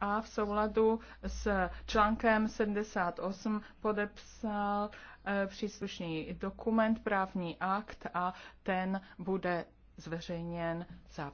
a v souladu s článkem 78 podepsal eh, příslušný dokument, právní akt a ten bude zveřejněn za